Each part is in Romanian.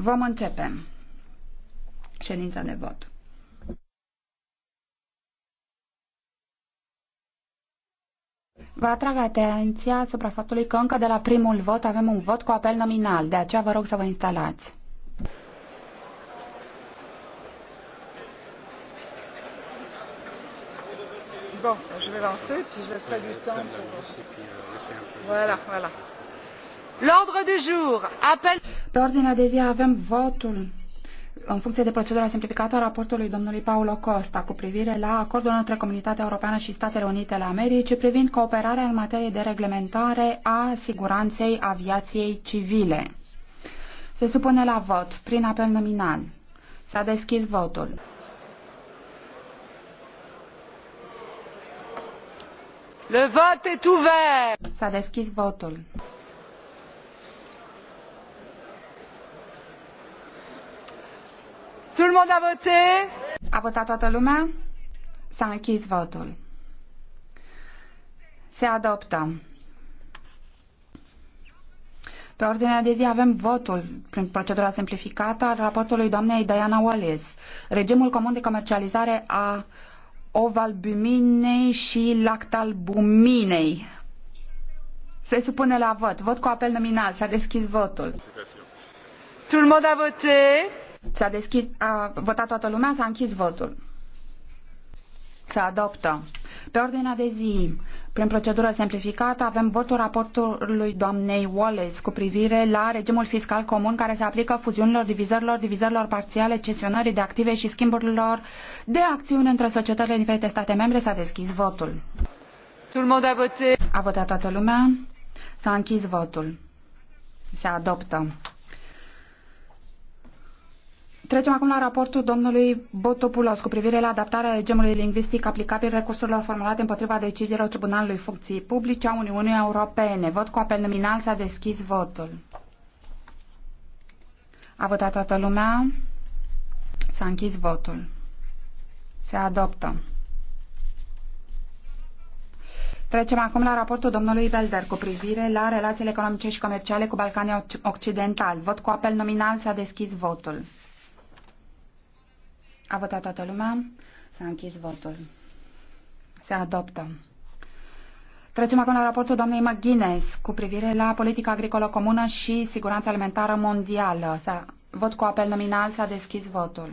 Vom începe ședința de vot. Vă atrag atenția asupra faptului că încă de la primul vot avem un vot cu apel nominal, de aceea vă rog să vă instalați. Bun, je vais lancer, puis je laisserai du temps. Pour... Euh, voilà, voilà. L'ordre du jour appelle... Pe ordinea de zi avem votul în funcție de procedura simplificată a raportului domnului Paulo Costa cu privire la acordul între Comunitatea Europeană și Statele Unite ale Americii privind cooperarea în materie de reglementare a siguranței aviației civile. Se supune la vot prin apel nominal. S-a deschis votul. Le vote est ouvert. S-a deschis votul. le monde a voté? A votat toată lumea? S-a închis votul. Se adoptă. Pe ordinea de zi avem votul prin procedura simplificată al raportului doamnei Diana Wallace. Regimul comun de comercializare a ovalbuminei și lactalbuminei. Se supune la vot. Vot cu apel nominal. S-a deschis votul. Tout le monde a voté. S-a deschis, a votat toată lumea, s-a închis votul. Se adoptă. Pe ordinea de zi, prin procedură simplificată, avem votul raportului doamnei Wallace cu privire la regimul fiscal comun care se aplică fuziunilor, divizărilor, divizărilor parțiale, cesionării de active și schimburilor de acțiune între societățile din diferite state membre. S-a deschis votul. A votat toată lumea. S-a închis votul. Se adoptă. Trecem acum la raportul domnului Botopulos cu privire la adaptarea regimului lingvistic aplicabil recursurilor formulate împotriva deciziilor Tribunalului Funcției Publice a Uniunii Europene. Vot cu apel nominal s-a deschis votul. A votat toată lumea. S-a închis votul. Se adoptă. Trecem acum la raportul domnului Velder cu privire la relațiile economice și comerciale cu Balcanii Occidentali. Vot cu apel nominal s-a deschis votul. A votat toată lumea. S-a închis votul. Se adoptă. Trecem acum la raportul doamnei McGuinness cu privire la politica agricolă comună și siguranța alimentară mondială. S-a, vot cu apel nominal, s-a deschis votul.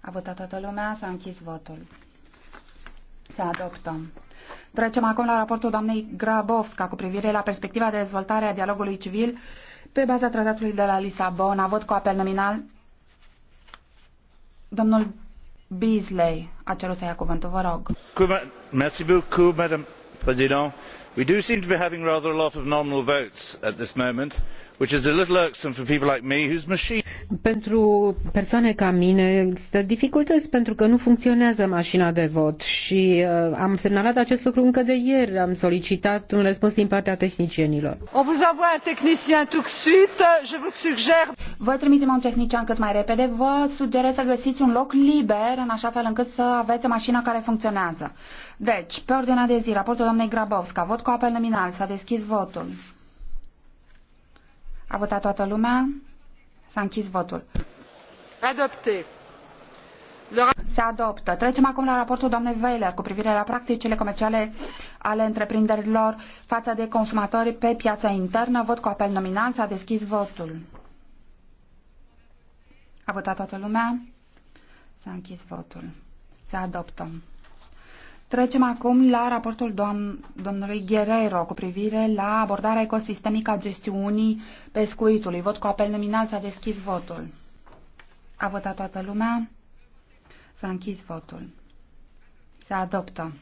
A votat toată lumea, s-a închis votul. Se adoptă. Trecem acum la raportul doamnei Grabovska cu privire la perspectiva de dezvoltare a dialogului civil pe baza tratatului de la Lisabona. Vot cu apel nominal, Domnul Beasley a cerut să ia cuvântul, vă rog. Merci beaucoup, Madame we do seem to be having rather a lot of nominal votes at this moment which is a little irksome for people like me whose machine. Pentru persoane ca mine există dificultăți pentru că nu funcționează mașina de vot și uh, am semnalat acest lucru încă de ieri. Am solicitat un răspuns din partea tehnicienilor. On vous envoie un technicien tout de suite. Je vous suggère... Vă trimitem un tehnician cât mai repede. Vă sugerez să găsiți un loc liber în așa fel încât să aveți mașina care funcționează. Deci, pe ordinea de zi, raportul doamnei Grabovska, vot cu apel nominal. S-a deschis votul. A votat toată lumea? S-a închis votul. Adopté. Se adoptă. Trecem acum la raportul doamnei Weiler cu privire la practicile comerciale ale întreprinderilor față de consumatori pe piața internă. Vot cu apel nominal. S-a deschis votul. A votat toată lumea? S-a închis votul. Se adoptă. Trecem acum la raportul domn, domnului Guerrero cu privire la abordarea ecosistemică a gestiunii pescuitului. Vot cu apel nominal s-a deschis votul. A votat toată lumea? S-a închis votul. Se adoptă.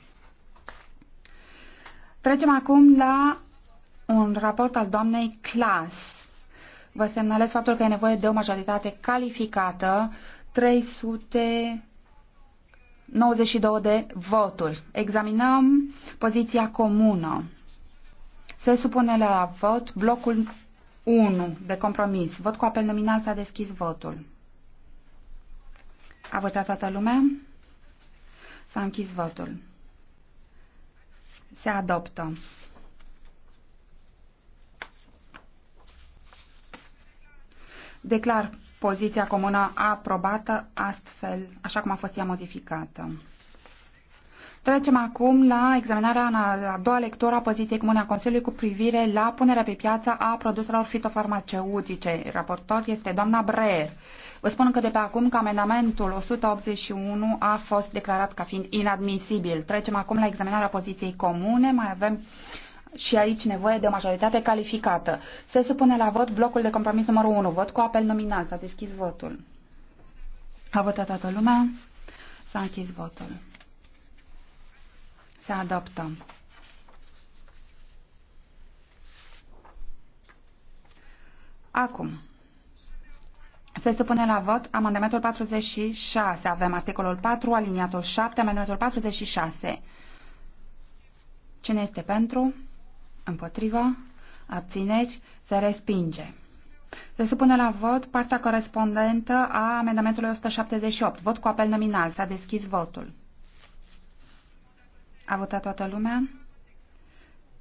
Trecem acum la un raport al doamnei Clas. Vă semnalez faptul că e nevoie de o majoritate calificată. 300 92 de voturi. Examinăm poziția comună. Se supune la vot blocul 1 de compromis. Vot cu apel nominal s-a deschis votul. A votat toată lumea? S-a închis votul. Se adoptă. Declar poziția comună aprobată astfel, așa cum a fost ea modificată. Trecem acum la examinarea în a doua lectură a poziției comune a Consiliului cu privire la punerea pe piață a produselor fitofarmaceutice. Raportor este doamna Breer. Vă spun că de pe acum că amendamentul 181 a fost declarat ca fiind inadmisibil. Trecem acum la examinarea poziției comune. Mai avem și aici nevoie de o majoritate calificată. Se supune la vot blocul de compromis numărul 1. Vot cu apel nominal. S-a deschis votul. A votat toată lumea. S-a închis votul. Se adoptă. Acum, se supune la vot amendamentul 46. Avem articolul 4, aliniatul 7, amendamentul 46. Cine este pentru? Împotriva? Abțineri? Se respinge. Se supune la vot partea corespondentă a amendamentului 178. Vot cu apel nominal. S-a deschis votul. A votat toată lumea?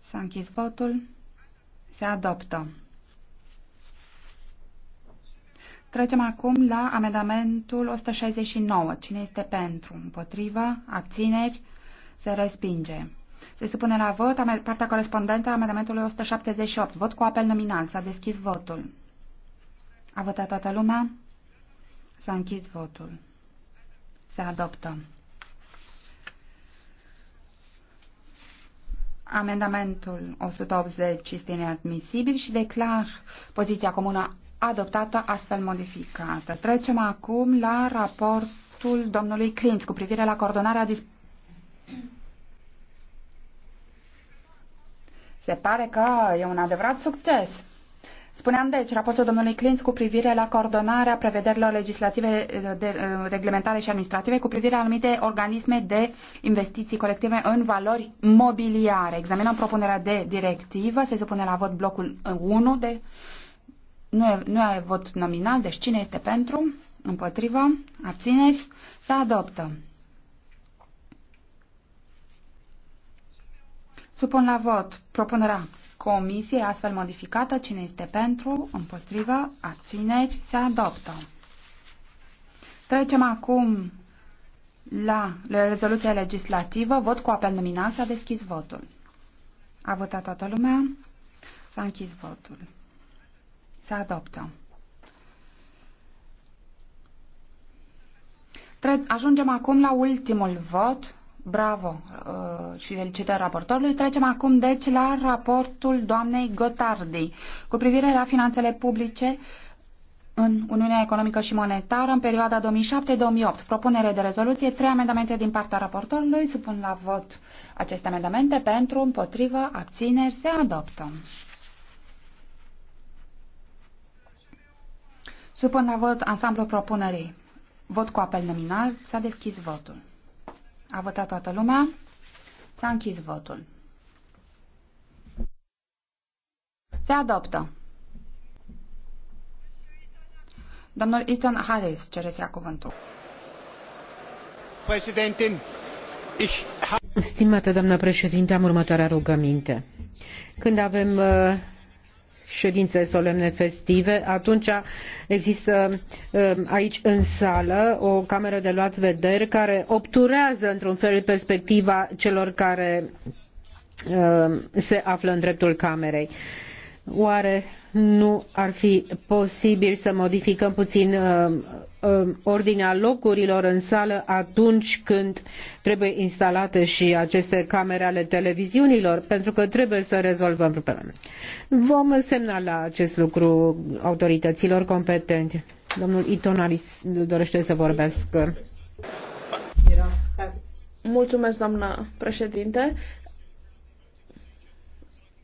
S-a închis votul? Se adoptă. Trecem acum la amendamentul 169. Cine este pentru? Împotriva? Abțineri? Se respinge. Se supune la vot partea corespondentă a amendamentului 178. Vot cu apel nominal. S-a deschis votul. A votat toată lumea? S-a închis votul. Se adoptă. Amendamentul 180 este inadmisibil și declar poziția comună adoptată astfel modificată. Trecem acum la raportul domnului Clinț cu privire la coordonarea dispoziției Se pare că e un adevărat succes. Spuneam deci, raportul domnului Clinț cu privire la coordonarea prevederilor legislative, de, reglementare și administrative cu privire la anumite organisme de investiții colective în valori mobiliare. Examinăm propunerea de directivă, se supune la vot blocul 1, de, nu, e, nu e vot nominal, deci cine este pentru, împotrivă, abțineri, se adoptă. Supun la vot propunerea comisiei astfel modificată. Cine este pentru? Împotrivă? abțineți, Se adoptă. Trecem acum la rezoluția legislativă. Vot cu apel nominal. S-a deschis votul. A votat toată lumea. S-a închis votul. Se adoptă. ajungem acum la ultimul vot Bravo uh, și felicitări raportorului. Trecem acum, deci, la raportul doamnei Gotardi cu privire la finanțele publice în Uniunea Economică și Monetară în perioada 2007-2008. Propunere de rezoluție, trei amendamente din partea raportorului. Supun la vot aceste amendamente pentru, împotrivă, abțineri, se adoptă. Supun la vot ansamblul propunerii. Vot cu apel nominal. S-a deschis votul. A votat toată lumea. S-a închis votul. Se adoptă. Domnul Ethan Harris cere să ia cuvântul. Președinte, Stimată doamnă președinte, am următoarea rugăminte. Când avem uh, ședințe solemne festive, atunci există eh, aici în sală o cameră de luat vederi care obturează într-un fel perspectiva celor care eh, se află în dreptul camerei. Oare nu ar fi posibil să modificăm puțin uh, uh, ordinea locurilor în sală atunci când trebuie instalate și aceste camere ale televiziunilor, pentru că trebuie să rezolvăm problemele. Vom semna la acest lucru autorităților competente. Domnul Itonaris dorește să vorbească. Mulțumesc, doamnă președinte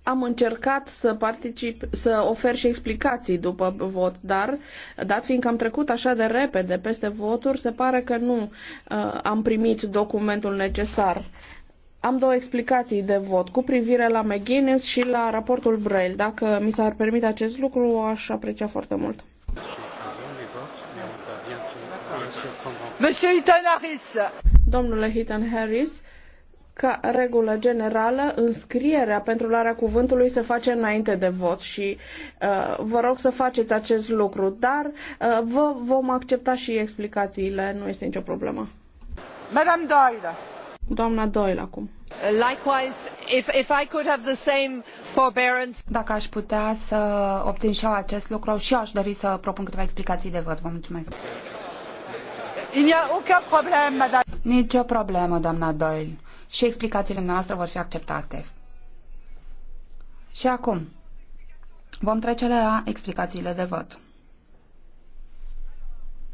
am încercat să particip, să ofer și explicații după vot, dar dat fiindcă am trecut așa de repede peste voturi, se pare că nu uh, am primit documentul necesar. Am două explicații de vot cu privire la McGuinness și la raportul Braille. Dacă mi s-ar permite acest lucru, aș aprecia foarte mult. Domnule Hitan Harris, ca regulă generală, înscrierea pentru luarea cuvântului se face înainte de vot și uh, vă rog să faceți acest lucru, dar uh, vă vom accepta și explicațiile, nu este nicio problemă. Madame Doyle. Doamna Doyle acum. Likewise, if, if I could have the same forbearance... Dacă aș putea să obțin și eu acest lucru, și eu aș dori să propun câteva explicații de vot. Vă mulțumesc. Il n'y a aucun problème, madame. Nicio problemă, doamna Doyle și explicațiile noastre vor fi acceptate. Și acum vom trece la explicațiile de vot.